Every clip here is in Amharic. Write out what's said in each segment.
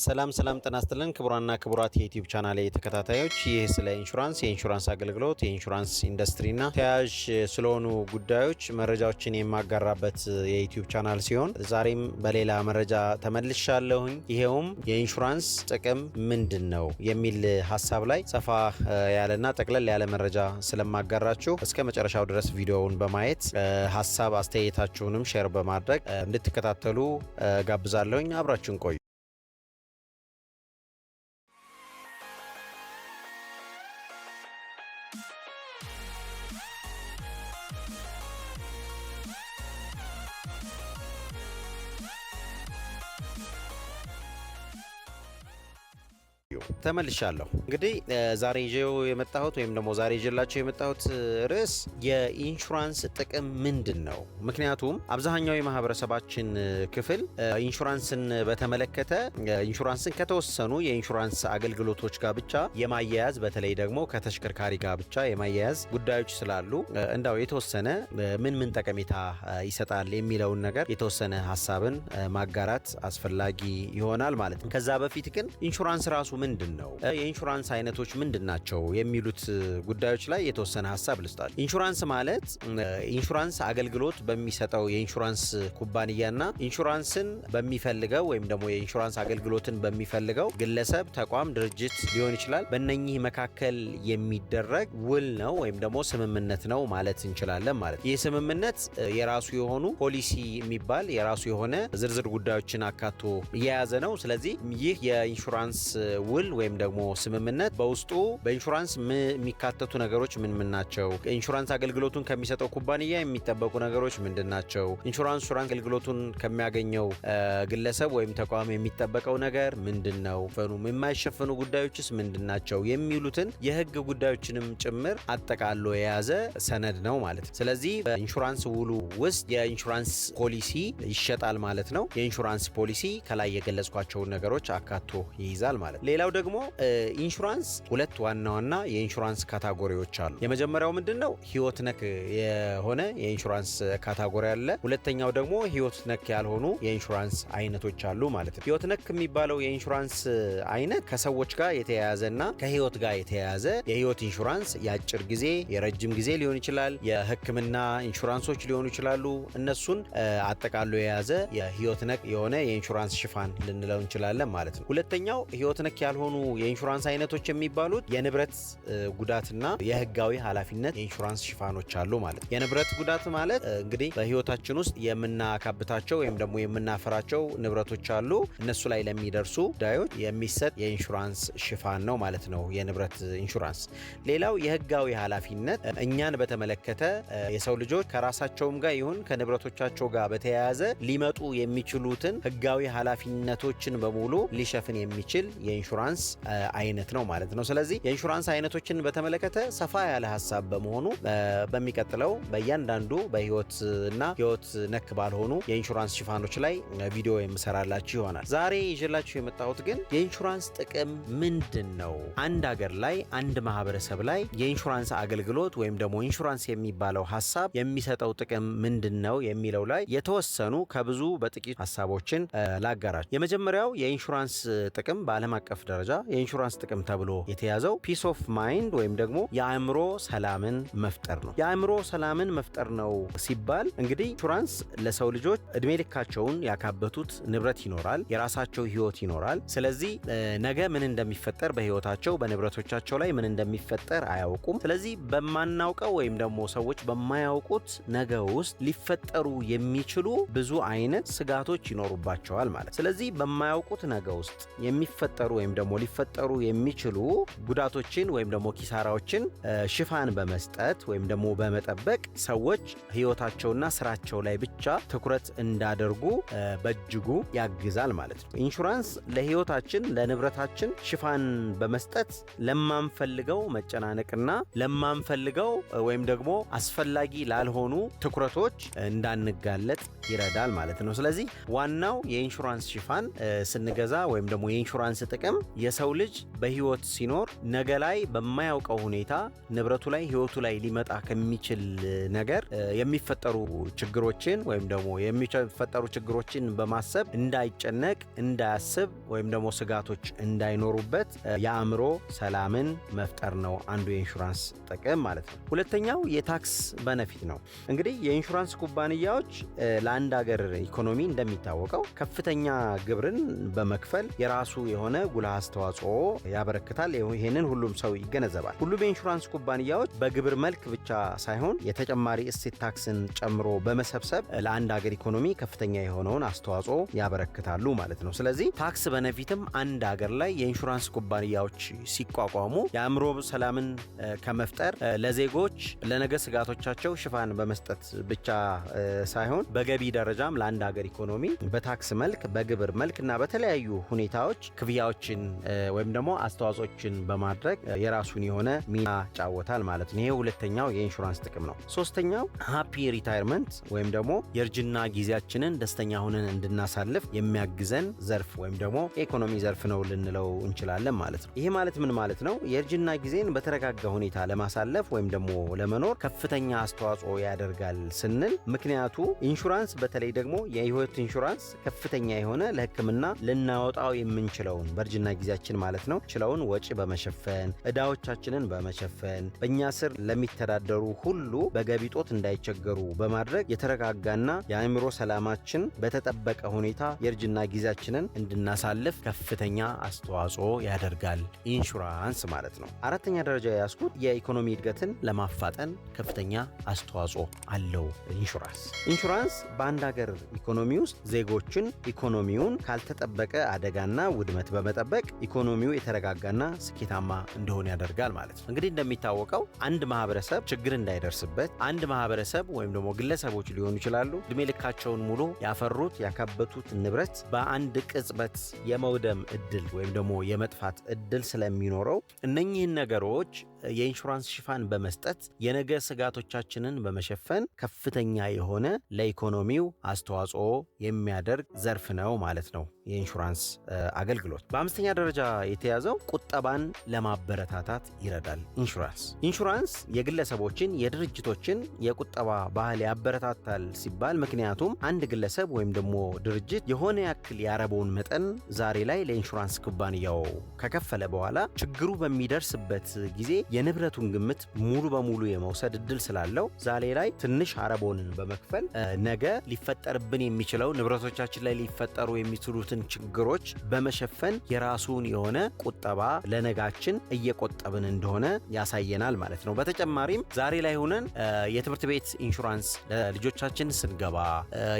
ሰላም ሰላም ጤና ይስጥልን ክቡራንና ክቡራት የዩቲዩብ ቻናል ተከታታዮች፣ ይህ ስለ ኢንሹራንስ፣ የኢንሹራንስ አገልግሎት፣ የኢንሹራንስ ኢንዱስትሪና ተያያዥ ስለሆኑ ጉዳዮች መረጃዎችን የማጋራበት የዩቲዩብ ቻናል ሲሆን ዛሬም በሌላ መረጃ ተመልሻለሁኝ። ይሄውም የኢንሹራንስ ጥቅም ምንድን ነው የሚል ሀሳብ ላይ ሰፋ ያለና ጠቅለል ያለ መረጃ ስለማጋራችሁ እስከ መጨረሻው ድረስ ቪዲዮውን በማየት ሀሳብ አስተያየታችሁንም ሼር በማድረግ እንድትከታተሉ ጋብዛለሁኝ። አብራችሁን ቆዩ። ተመልሻለሁ። እንግዲህ ዛሬ ይዤው የመጣሁት ወይም ደግሞ ዛሬ ይዤላቸው የመጣሁት ርዕስ የኢንሹራንስ ጥቅም ምንድን ነው? ምክንያቱም አብዛኛው የማህበረሰባችን ክፍል ኢንሹራንስን በተመለከተ ኢንሹራንስን ከተወሰኑ የኢንሹራንስ አገልግሎቶች ጋር ብቻ የማያያዝ በተለይ ደግሞ ከተሽከርካሪ ጋር ብቻ የማያያዝ ጉዳዮች ስላሉ እንዳው የተወሰነ ምን ምን ጠቀሜታ ይሰጣል የሚለውን ነገር የተወሰነ ሀሳብን ማጋራት አስፈላጊ ይሆናል ማለት ነው። ከዛ በፊት ግን ኢንሹራንስ ራሱ ምንድን ምንድን ነው፣ የኢንሹራንስ አይነቶች ምንድን ናቸው የሚሉት ጉዳዮች ላይ የተወሰነ ሀሳብ ልስጣል። ኢንሹራንስ ማለት ኢንሹራንስ አገልግሎት በሚሰጠው የኢንሹራንስ ኩባንያና ኢንሹራንስን በሚፈልገው ወይም ደግሞ የኢንሹራንስ አገልግሎትን በሚፈልገው ግለሰብ፣ ተቋም፣ ድርጅት ሊሆን ይችላል በእነኚህ መካከል የሚደረግ ውል ነው ወይም ደግሞ ስምምነት ነው ማለት እንችላለን። ማለት ይህ ስምምነት የራሱ የሆኑ ፖሊሲ የሚባል የራሱ የሆነ ዝርዝር ጉዳዮችን አካቶ እየያዘ ነው። ስለዚህ ይህ የኢንሹራንስ ውል ወይም ደግሞ ስምምነት በውስጡ በኢንሹራንስ የሚካተቱ ነገሮች ምን ምን ናቸው? ኢንሹራንስ አገልግሎቱን ከሚሰጠው ኩባንያ የሚጠበቁ ነገሮች ምንድን ናቸው? ኢንሹራንስ አገልግሎቱን ከሚያገኘው ግለሰብ ወይም ተቋም የሚጠበቀው ነገር ምንድን ነው? የማይሸፈኑ ጉዳዮችስ ምንድን ናቸው? የሚሉትን የህግ ጉዳዮችንም ጭምር አጠቃሎ የያዘ ሰነድ ነው ማለት ነው። ስለዚህ በኢንሹራንስ ውሉ ውስጥ የኢንሹራንስ ፖሊሲ ይሸጣል ማለት ነው። የኢንሹራንስ ፖሊሲ ከላይ የገለጽኳቸውን ነገሮች አካቶ ይይዛል ማለት ነው። ሌላው ደግሞ ደግሞ ኢንሹራንስ ሁለት ዋና ዋና የኢንሹራንስ ካታጎሪዎች አሉ። የመጀመሪያው ምንድን ነው? ህይወት ነክ የሆነ የኢንሹራንስ ካታጎሪ አለ። ሁለተኛው ደግሞ ህይወት ነክ ያልሆኑ የኢንሹራንስ አይነቶች አሉ ማለት ነው። ህይወት ነክ የሚባለው የኢንሹራንስ አይነት ከሰዎች ጋር የተያያዘና ከህይወት ጋር የተያያዘ የህይወት ኢንሹራንስ የአጭር ጊዜ የረጅም ጊዜ ሊሆን ይችላል። የህክምና ኢንሹራንሶች ሊሆኑ ይችላሉ። እነሱን አጠቃሎ የያዘ የህይወት ነክ የሆነ የኢንሹራንስ ሽፋን ልንለው እንችላለን ማለት ነው። ሁለተኛው ህይወት ነክ ያልሆኑ የኢንሹራንስ አይነቶች የሚባሉት የንብረት ጉዳትና የህጋዊ ኃላፊነት የኢንሹራንስ ሽፋኖች አሉ ማለት ነው። የንብረት ጉዳት ማለት እንግዲህ በህይወታችን ውስጥ የምናካብታቸው ወይም ደግሞ የምናፈራቸው ንብረቶች አሉ። እነሱ ላይ ለሚደርሱ ጉዳዮች የሚሰጥ የኢንሹራንስ ሽፋን ነው ማለት ነው የንብረት ኢንሹራንስ። ሌላው የህጋዊ ኃላፊነት እኛን በተመለከተ የሰው ልጆች ከራሳቸውም ጋር ይሁን ከንብረቶቻቸው ጋር በተያያዘ ሊመጡ የሚችሉትን ህጋዊ ኃላፊነቶችን በሙሉ ሊሸፍን የሚችል የኢንሹራንስ አይነት ነው ማለት ነው። ስለዚህ የኢንሹራንስ አይነቶችን በተመለከተ ሰፋ ያለ ሀሳብ በመሆኑ በሚቀጥለው በእያንዳንዱ በህይወት እና ህይወት ነክ ባልሆኑ የኢንሹራንስ ሽፋኖች ላይ ቪዲዮ የምሰራላችሁ ይሆናል። ዛሬ ይዤላችሁ የመጣሁት ግን የኢንሹራንስ ጥቅም ምንድን ነው? አንድ አገር ላይ አንድ ማህበረሰብ ላይ የኢንሹራንስ አገልግሎት ወይም ደግሞ ኢንሹራንስ የሚባለው ሀሳብ የሚሰጠው ጥቅም ምንድን ነው የሚለው ላይ የተወሰኑ ከብዙ በጥቂት ሀሳቦችን ላጋራችሁ። የመጀመሪያው የኢንሹራንስ ጥቅም በዓለም አቀፍ ደረጃ የኢንሹራንስ ጥቅም ተብሎ የተያዘው ፒስ ኦፍ ማይንድ ወይም ደግሞ የአእምሮ ሰላምን መፍጠር ነው። የአእምሮ ሰላምን መፍጠር ነው ሲባል እንግዲህ ኢንሹራንስ ለሰው ልጆች እድሜ ልካቸውን ያካበቱት ንብረት ይኖራል፣ የራሳቸው ህይወት ይኖራል። ስለዚህ ነገ ምን እንደሚፈጠር በህይወታቸው በንብረቶቻቸው ላይ ምን እንደሚፈጠር አያውቁም። ስለዚህ በማናውቀው ወይም ደግሞ ሰዎች በማያውቁት ነገ ውስጥ ሊፈጠሩ የሚችሉ ብዙ አይነት ስጋቶች ይኖሩባቸዋል ማለት። ስለዚህ በማያውቁት ነገ ውስጥ የሚፈጠሩ ወይም ደግሞ ሊፈጠሩ የሚችሉ ጉዳቶችን ወይም ደግሞ ኪሳራዎችን ሽፋን በመስጠት ወይም ደግሞ በመጠበቅ ሰዎች ህይወታቸውና ስራቸው ላይ ብቻ ትኩረት እንዳደርጉ በእጅጉ ያግዛል ማለት ነው። ኢንሹራንስ ለህይወታችን ለንብረታችን ሽፋን በመስጠት ለማንፈልገው መጨናነቅና ለማንፈልገው ወይም ደግሞ አስፈላጊ ላልሆኑ ትኩረቶች እንዳንጋለጥ ይረዳል ማለት ነው። ስለዚህ ዋናው የኢንሹራንስ ሽፋን ስንገዛ ወይም ደግሞ የኢንሹራንስ ጥቅም የሰ የሰው ልጅ በህይወት ሲኖር ነገ ላይ በማያውቀው ሁኔታ ንብረቱ ላይ ህይወቱ ላይ ሊመጣ ከሚችል ነገር የሚፈጠሩ ችግሮችን ወይም ደግሞ የሚፈጠሩ ችግሮችን በማሰብ እንዳይጨነቅ፣ እንዳያስብ ወይም ደግሞ ስጋቶች እንዳይኖሩበት የአእምሮ ሰላምን መፍጠር ነው አንዱ የኢንሹራንስ ጥቅም ማለት ነው። ሁለተኛው የታክስ በነፊት ነው። እንግዲህ የኢንሹራንስ ኩባንያዎች ለአንድ ሀገር ኢኮኖሚ እንደሚታወቀው ከፍተኛ ግብርን በመክፈል የራሱ የሆነ ጉልህ አስተዋጽኦ ያበረክታል። ይህንን ሁሉም ሰው ይገነዘባል። ሁሉም የኢንሹራንስ ኩባንያዎች በግብር መልክ ብቻ ሳይሆን የተጨማሪ እሴት ታክስን ጨምሮ በመሰብሰብ ለአንድ ሀገር ኢኮኖሚ ከፍተኛ የሆነውን አስተዋጽኦ ያበረክታሉ ማለት ነው። ስለዚህ ታክስ በነፊትም አንድ ሀገር ላይ የኢንሹራንስ ኩባንያዎች ሲቋቋሙ የአእምሮ ሰላምን ከመፍጠር ለዜጎች ለነገ ስጋቶቻቸው ሽፋን በመስጠት ብቻ ሳይሆን በገቢ ደረጃም ለአንድ ሀገር ኢኮኖሚ በታክስ መልክ በግብር መልክ እና በተለያዩ ሁኔታዎች ክፍያዎችን ወይም ደግሞ አስተዋጽኦችን በማድረግ የራሱን የሆነ ሚና ጫወታል ማለት ነው። ይሄ ሁለተኛው የኢንሹራንስ ጥቅም ነው። ሶስተኛው ሃፒ ሪታይርመንት ወይም ደግሞ የእርጅና ጊዜያችንን ደስተኛ ሆነን እንድናሳልፍ የሚያግዘን ዘርፍ ወይም ደግሞ የኢኮኖሚ ዘርፍ ነው ልንለው እንችላለን ማለት ነው። ይሄ ማለት ምን ማለት ነው? የእርጅና ጊዜን በተረጋጋ ሁኔታ ለማሳለፍ ወይም ደግሞ ለመኖር ከፍተኛ አስተዋጽኦ ያደርጋል ስንል ምክንያቱ ኢንሹራንስ በተለይ ደግሞ የህይወት ኢንሹራንስ ከፍተኛ የሆነ ለህክምና ልናወጣው የምንችለውን በእርጅና ጊዜያችን ራሳችን ማለት ነው ችለውን ወጪ በመሸፈን እዳዎቻችንን በመሸፈን በእኛ ስር ለሚተዳደሩ ሁሉ በገቢ ጦት እንዳይቸገሩ በማድረግ የተረጋጋና የአእምሮ ሰላማችን በተጠበቀ ሁኔታ የእርጅና ጊዜያችንን እንድናሳልፍ ከፍተኛ አስተዋጽኦ ያደርጋል ኢንሹራንስ ማለት ነው። አራተኛ ደረጃ የያዝኩት የኢኮኖሚ እድገትን ለማፋጠን ከፍተኛ አስተዋጽኦ አለው ኢንሹራንስ። ኢንሹራንስ በአንድ ሀገር ኢኮኖሚ ውስጥ ዜጎችን ኢኮኖሚውን ካልተጠበቀ አደጋና ውድመት በመጠበቅ ኢኮኖሚው የተረጋጋና ስኬታማ እንደሆነ ያደርጋል ማለት ነው። እንግዲህ እንደሚታወቀው አንድ ማህበረሰብ ችግር እንዳይደርስበት አንድ ማህበረሰብ ወይም ደግሞ ግለሰቦች ሊሆኑ ይችላሉ እድሜ ልካቸውን ሙሉ ያፈሩት ያካበቱት ንብረት በአንድ ቅጽበት የመውደም እድል ወይም ደግሞ የመጥፋት እድል ስለሚኖረው እነኚህን ነገሮች የኢንሹራንስ ሽፋን በመስጠት የነገ ስጋቶቻችንን በመሸፈን ከፍተኛ የሆነ ለኢኮኖሚው አስተዋጽኦ የሚያደርግ ዘርፍ ነው ማለት ነው የኢንሹራንስ አገልግሎት። በአምስተኛ ደረጃ የተያዘው ቁጠባን ለማበረታታት ይረዳል። ኢንሹራንስ ኢንሹራንስ የግለሰቦችን የድርጅቶችን የቁጠባ ባህል ያበረታታል ሲባል ምክንያቱም አንድ ግለሰብ ወይም ደግሞ ድርጅት የሆነ ያክል ያረበውን መጠን ዛሬ ላይ ለኢንሹራንስ ኩባንያው ከከፈለ በኋላ ችግሩ በሚደርስበት ጊዜ የንብረቱን ግምት ሙሉ በሙሉ የመውሰድ እድል ስላለው ዛሬ ላይ ትንሽ አረቦንን በመክፈል ነገ ሊፈጠርብን የሚችለው ንብረቶቻችን ላይ ሊፈጠሩ የሚችሉትን ችግሮች በመሸፈን የራሱን የሆነ ቁጠባ ለነጋችን እየቆጠብን እንደሆነ ያሳየናል ማለት ነው። በተጨማሪም ዛሬ ላይ ሆነን የትምህርት ቤት ኢንሹራንስ ለልጆቻችን ስንገባ፣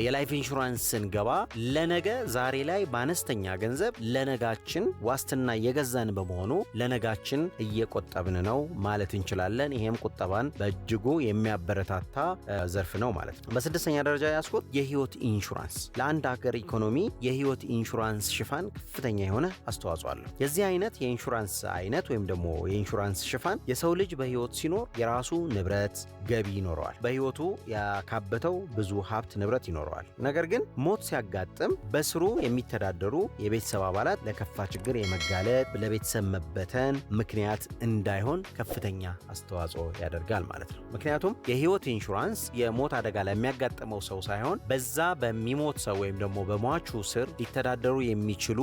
የላይፍ ኢንሹራንስ ስንገባ ለነገ ዛሬ ላይ በአነስተኛ ገንዘብ ለነጋችን ዋስትና የገዛን በመሆኑ ለነጋችን እየቆጠብን ነው ማለት እንችላለን። ይሄም ቁጠባን በእጅጉ የሚያበረታታ ዘርፍ ነው ማለት ነው። በስድስተኛ ደረጃ ያስኩት የህይወት ኢንሹራንስ ለአንድ ሀገር ኢኮኖሚ የህይወት ኢንሹራንስ ሽፋን ከፍተኛ የሆነ አስተዋጽኦ አለው። የዚህ አይነት የኢንሹራንስ አይነት ወይም ደግሞ የኢንሹራንስ ሽፋን የሰው ልጅ በህይወት ሲኖር የራሱ ንብረት ገቢ ይኖረዋል። በህይወቱ ያካበተው ብዙ ሀብት ንብረት ይኖረዋል። ነገር ግን ሞት ሲያጋጥም በስሩ የሚተዳደሩ የቤተሰብ አባላት ለከፋ ችግር የመጋለጥ ለቤተሰብ መበተን ምክንያት እንዳይሆን ከፍተኛ አስተዋጽኦ ያደርጋል ማለት ነው። ምክንያቱም የህይወት ኢንሹራንስ የሞት አደጋ ለሚያጋጥመው ሰው ሳይሆን በዛ በሚሞት ሰው ወይም ደግሞ በሟቹ ስር ሊተዳደሩ የሚችሉ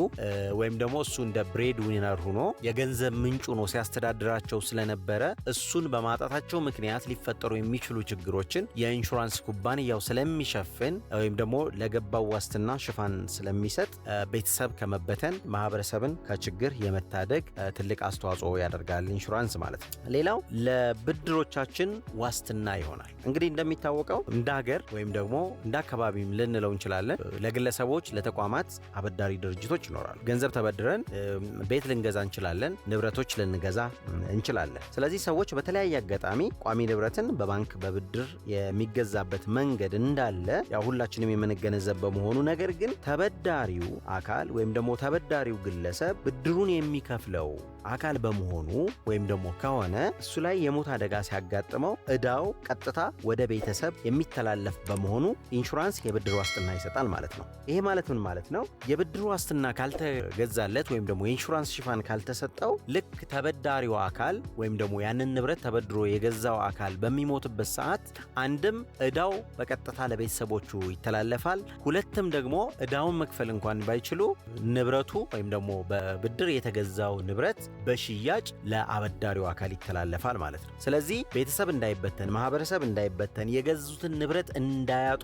ወይም ደግሞ እሱ እንደ ብሬድ ዊነር ሆኖ የገንዘብ ምንጩ ነው ሲያስተዳድራቸው ስለነበረ እሱን በማጣታቸው ምክንያት ሊፈጠሩ የሚችሉ ችግሮችን የኢንሹራንስ ኩባንያው ስለሚሸፍን ወይም ደግሞ ለገባው ዋስትና ሽፋን ስለሚሰጥ ቤተሰብ ከመበተን ማህበረሰብን ከችግር የመታደግ ትልቅ አስተዋጽኦ ያደርጋል ኢንሹራንስ ማለት ነው። ማለት ነው። ሌላው ለብድሮቻችን ዋስትና ይሆናል። እንግዲህ እንደሚታወቀው እንደ ሀገር ወይም ደግሞ እንደ አካባቢም ልንለው እንችላለን ለግለሰቦች፣ ለተቋማት አበዳሪ ድርጅቶች ይኖራሉ። ገንዘብ ተበድረን ቤት ልንገዛ እንችላለን፣ ንብረቶች ልንገዛ እንችላለን። ስለዚህ ሰዎች በተለያየ አጋጣሚ ቋሚ ንብረትን በባንክ በብድር የሚገዛበት መንገድ እንዳለ ያው ሁላችንም የምንገነዘብ በመሆኑ ነገር ግን ተበዳሪው አካል ወይም ደግሞ ተበዳሪው ግለሰብ ብድሩን የሚከፍለው አካል በመሆኑ ወይም ደግሞ ከሆነ እሱ ላይ የሞት አደጋ ሲያጋጥመው እዳው ቀጥታ ወደ ቤተሰብ የሚተላለፍ በመሆኑ ኢንሹራንስ የብድር ዋስትና ይሰጣል ማለት ነው። ይሄ ማለት ምን ማለት ነው? የብድር ዋስትና ካልተገዛለት ወይም ደግሞ የኢንሹራንስ ሽፋን ካልተሰጠው ልክ ተበዳሪው አካል ወይም ደግሞ ያንን ንብረት ተበድሮ የገዛው አካል በሚሞትበት ሰዓት አንድም እዳው በቀጥታ ለቤተሰቦቹ ይተላለፋል፣ ሁለትም ደግሞ እዳውን መክፈል እንኳን ባይችሉ ንብረቱ ወይም ደግሞ በብድር የተገዛው ንብረት በሽያጭ ለአበዳሪው አካል ይተላለፋል ማለት ነው። ስለዚህ ቤተሰብ እንዳይበተን፣ ማህበረሰብ እንዳይበተን፣ የገዙትን ንብረት እንዳያጡ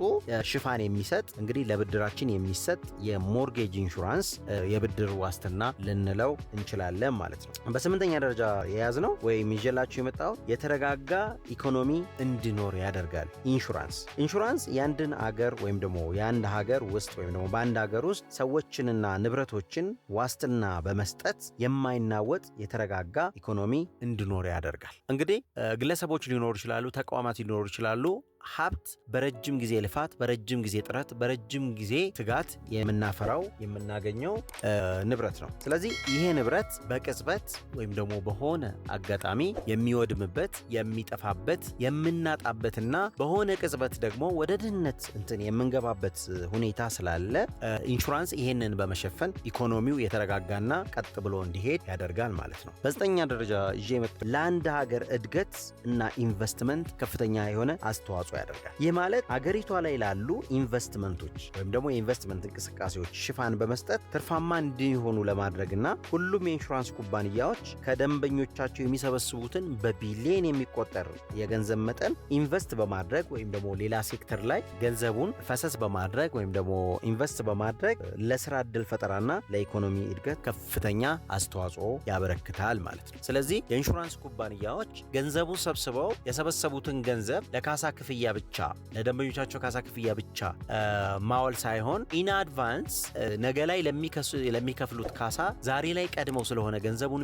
ሽፋን የሚሰጥ እንግዲህ ለብድራችን የሚሰጥ የሞርጌጅ ኢንሹራንስ የብድር ዋስትና ልንለው እንችላለን ማለት ነው። በስምንተኛ ደረጃ የያዝ ነው ወይም ይዤላችሁ የመጣው የተረጋጋ ኢኮኖሚ እንዲኖር ያደርጋል ኢንሹራንስ። ኢንሹራንስ የአንድን አገር ወይም ደግሞ የአንድ ሀገር ውስጥ ወይም ደግሞ በአንድ ሀገር ውስጥ ሰዎችንና ንብረቶችን ዋስትና በመስጠት የማይናወ የሚለወጥ የተረጋጋ ኢኮኖሚ እንዲኖር ያደርጋል። እንግዲህ ግለሰቦች ሊኖሩ ይችላሉ፣ ተቋማት ሊኖሩ ይችላሉ። ሀብት በረጅም ጊዜ ልፋት፣ በረጅም ጊዜ ጥረት፣ በረጅም ጊዜ ትጋት የምናፈራው የምናገኘው ንብረት ነው። ስለዚህ ይሄ ንብረት በቅጽበት ወይም ደግሞ በሆነ አጋጣሚ የሚወድምበት የሚጠፋበት የምናጣበትና በሆነ ቅጽበት ደግሞ ወደ ድህነት እንትን የምንገባበት ሁኔታ ስላለ ኢንሹራንስ ይሄንን በመሸፈን ኢኮኖሚው የተረጋጋና ቀጥ ብሎ እንዲሄድ ያደርጋል ማለት ነው። በዘጠኛ ደረጃ ይዤ ለአንድ ሀገር እድገት እና ኢንቨስትመንት ከፍተኛ የሆነ አስተዋጽኦ ያደርጋል። ይህ ማለት አገሪቷ ላይ ላሉ ኢንቨስትመንቶች ወይም ደግሞ የኢንቨስትመንት እንቅስቃሴዎች ሽፋን በመስጠት ትርፋማ እንዲሆኑ ለማድረግና ሁሉም የኢንሹራንስ ኩባንያዎች ከደንበኞቻቸው የሚሰበስቡትን በቢሊየን የሚቆጠር የገንዘብ መጠን ኢንቨስት በማድረግ ወይም ደግሞ ሌላ ሴክተር ላይ ገንዘቡን ፈሰስ በማድረግ ወይም ደግሞ ኢንቨስት በማድረግ ለስራ እድል ፈጠራና ለኢኮኖሚ እድገት ከፍተኛ አስተዋጽኦ ያበረክታል ማለት ነው። ስለዚህ የኢንሹራንስ ኩባንያዎች ገንዘቡን ሰብስበው የሰበሰቡትን ገንዘብ ለካሳ ክፍያ ክፍያ ብቻ ለደንበኞቻቸው ካሳ ክፍያ ብቻ ማወል ሳይሆን ኢን አድቫንስ ነገ ላይ ለሚከፍሉት ካሳ ዛሬ ላይ ቀድመው ስለሆነ ገንዘቡን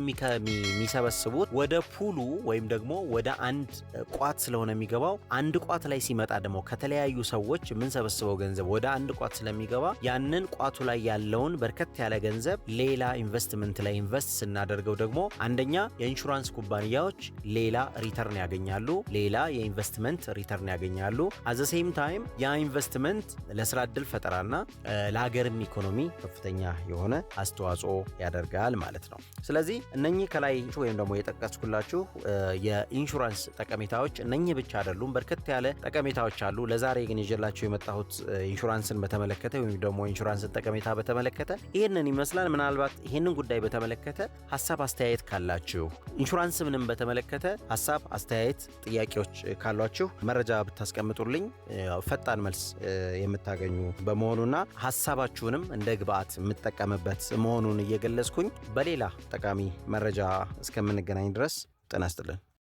የሚሰበስቡት ወደ ፑሉ ወይም ደግሞ ወደ አንድ ቋት ስለሆነ የሚገባው አንድ ቋት ላይ ሲመጣ ደግሞ ከተለያዩ ሰዎች የምንሰበስበው ገንዘብ ወደ አንድ ቋት ስለሚገባ ያንን ቋቱ ላይ ያለውን በርከት ያለ ገንዘብ ሌላ ኢንቨስትመንት ላይ ኢንቨስት ስናደርገው ደግሞ አንደኛ የኢንሹራንስ ኩባንያዎች ሌላ ሪተርን ያገኛሉ፣ ሌላ የኢንቨስትመንት ሪተርን ያገኛሉ። ይገኛሉ። አዘሴም ታይም ያ ኢንቨስትመንት ለስራ እድል ፈጠራና ለሀገርም ኢኮኖሚ ከፍተኛ የሆነ አስተዋጽኦ ያደርጋል ማለት ነው። ስለዚህ እነኚህ ከላይ ወይም ደግሞ የጠቀስኩላችሁ የኢንሹራንስ ጠቀሜታዎች እነኚህ ብቻ አይደሉም፣ በርከት ያለ ጠቀሜታዎች አሉ። ለዛሬ ግን ይዤላችሁ የመጣሁት ኢንሹራንስን በተመለከተ ወይም ደግሞ ኢንሹራንስን ጠቀሜታ በተመለከተ ይህንን ይመስላል። ምናልባት ይህንን ጉዳይ በተመለከተ ሀሳብ አስተያየት ካላችሁ ኢንሹራንስ ምንም በተመለከተ ሀሳብ አስተያየት፣ ጥያቄዎች ካሏችሁ መረጃ ብታስቀምጡልኝ ፈጣን መልስ የምታገኙ በመሆኑና ሀሳባችሁንም እንደ ግብአት የምጠቀምበት መሆኑን እየገለጽኩኝ በሌላ ጠቃሚ መረጃ እስከምንገናኝ ድረስ ጤና ይስጥልን።